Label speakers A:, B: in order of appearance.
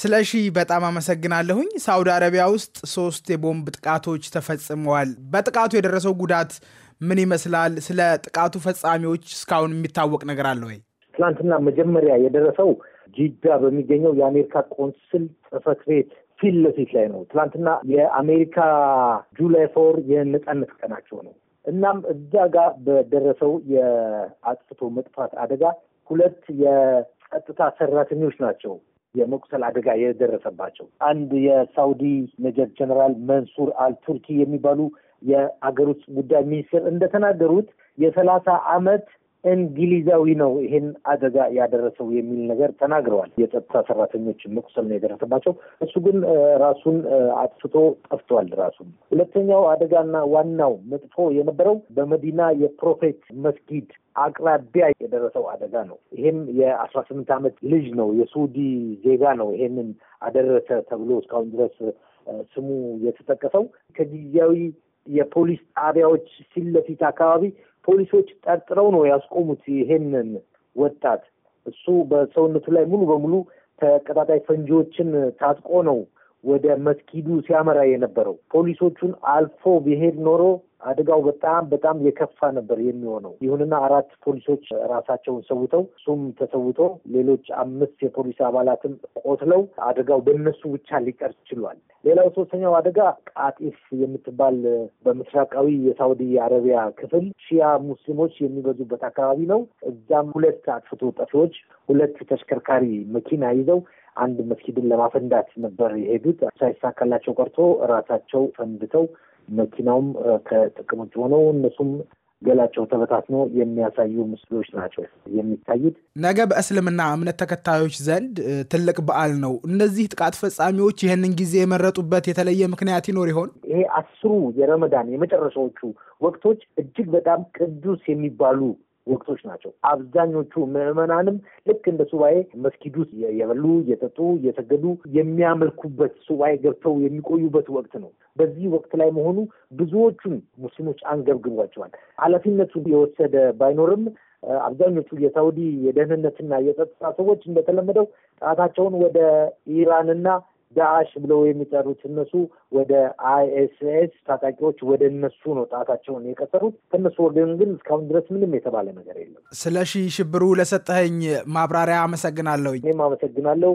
A: ስለ ሺ በጣም አመሰግናለሁኝ። ሳውዲ አረቢያ ውስጥ ሶስት የቦምብ ጥቃቶች ተፈጽመዋል። በጥቃቱ የደረሰው ጉዳት ምን ይመስላል? ስለ ጥቃቱ ፈጻሚዎች እስካሁን የሚታወቅ ነገር አለ ወይ?
B: ትናንትና መጀመሪያ የደረሰው ጂዳ በሚገኘው የአሜሪካ ቆንስል ጽፈት ቤት ፊት ለፊት ላይ ነው። ትላንትና የአሜሪካ ጁላይ ፎር የነጻነት ቀናቸው ነው። እናም እዛ ጋር በደረሰው የአጥፍቶ መጥፋት አደጋ ሁለት የጸጥታ ሰራተኞች ናቸው የመቁሰል አደጋ የደረሰባቸው አንድ የሳውዲ ሜጀር ጀነራል መንሱር አልቱርኪ የሚባሉ የአገር ውስጥ ጉዳይ ሚኒስትር እንደተናገሩት የሰላሳ አመት እንግሊዛዊ ነው ይህን አደጋ ያደረሰው የሚል ነገር ተናግረዋል። የጸጥታ ሰራተኞች መቁሰል ነው የደረሰባቸው። እሱ ግን ራሱን አጥፍቶ ጠፍቷል። ራሱን ሁለተኛው አደጋና ዋናው መጥፎ የነበረው በመዲና የፕሮፌት መስጊድ አቅራቢያ የደረሰው አደጋ ነው። ይህም የአስራ ስምንት ዓመት ልጅ ነው የሱዲ ዜጋ ነው ይሄንን አደረሰ ተብሎ እስካሁን ድረስ ስሙ የተጠቀሰው ከጊዜያዊ የፖሊስ ጣቢያዎች ፊት ለፊት አካባቢ ፖሊሶች ጠርጥረው ነው ያስቆሙት። ይሄንን ወጣት እሱ በሰውነቱ ላይ ሙሉ በሙሉ ተቀጣጣይ ፈንጂዎችን ታጥቆ ነው ወደ መስጊዱ ሲያመራ የነበረው። ፖሊሶቹን አልፎ ቢሄድ ኖሮ አደጋው በጣም በጣም የከፋ ነበር የሚሆነው። ይሁንና አራት ፖሊሶች ራሳቸውን ሰውተው እሱም ተሰውቶ ሌሎች አምስት የፖሊስ አባላትም ቆስለው አደጋው በእነሱ ብቻ ሊቀር ችሏል። ሌላው ሶስተኛው አደጋ ቃጢፍ የምትባል በምስራቃዊ የሳውዲ አረቢያ ክፍል ሺያ ሙስሊሞች የሚበዙበት አካባቢ ነው። እዛም ሁለት አጥፍቶ ጠፊዎች ሁለት ተሽከርካሪ መኪና ይዘው አንድ መስጊድን ለማፈንዳት ነበር የሄዱት። ሳይሳካላቸው ቀርቶ ራሳቸው ፈንድተው መኪናውም ከጥቅም ውጭ ሆነው እነሱም ገላቸው ተበታትኖ የሚያሳዩ ምስሎች ናቸው የሚታዩት።
A: ነገ በእስልምና እምነት ተከታዮች ዘንድ ትልቅ በዓል ነው። እነዚህ ጥቃት ፈጻሚዎች ይህንን ጊዜ የመረጡበት የተለየ ምክንያት ይኖር ይሆን?
B: ይሄ አስሩ የረመዳን የመጨረሻዎቹ ወቅቶች እጅግ በጣም ቅዱስ የሚባሉ ወቅቶች ናቸው። አብዛኞቹ ምዕመናንም ልክ እንደ ሱባኤ መስጊዱ ውስጥ የበሉ እየጠጡ እየሰገዱ የሚያመልኩበት ሱባኤ ገብተው የሚቆዩበት ወቅት ነው። በዚህ ወቅት ላይ መሆኑ ብዙዎቹን ሙስሊሞች አንገብግቧቸዋል። ኃላፊነቱ የወሰደ ባይኖርም አብዛኞቹ የሳውዲ የደህንነትና የጸጥታ ሰዎች እንደተለመደው ጣታቸውን ወደ ኢራንና ዳአሽ ብለው የሚጠሩት እነሱ ወደ አይኤስኤስ ታጣቂዎች ወደ እነሱ ነው ጣታቸውን የቀጠሩት። ከእነሱ ወገን ግን እስካሁን ድረስ ምንም የተባለ ነገር የለም።
A: ስለሺ ሽብሩ ለሰጠኸኝ ማብራሪያ አመሰግናለሁ። እኔም አመሰግናለሁ።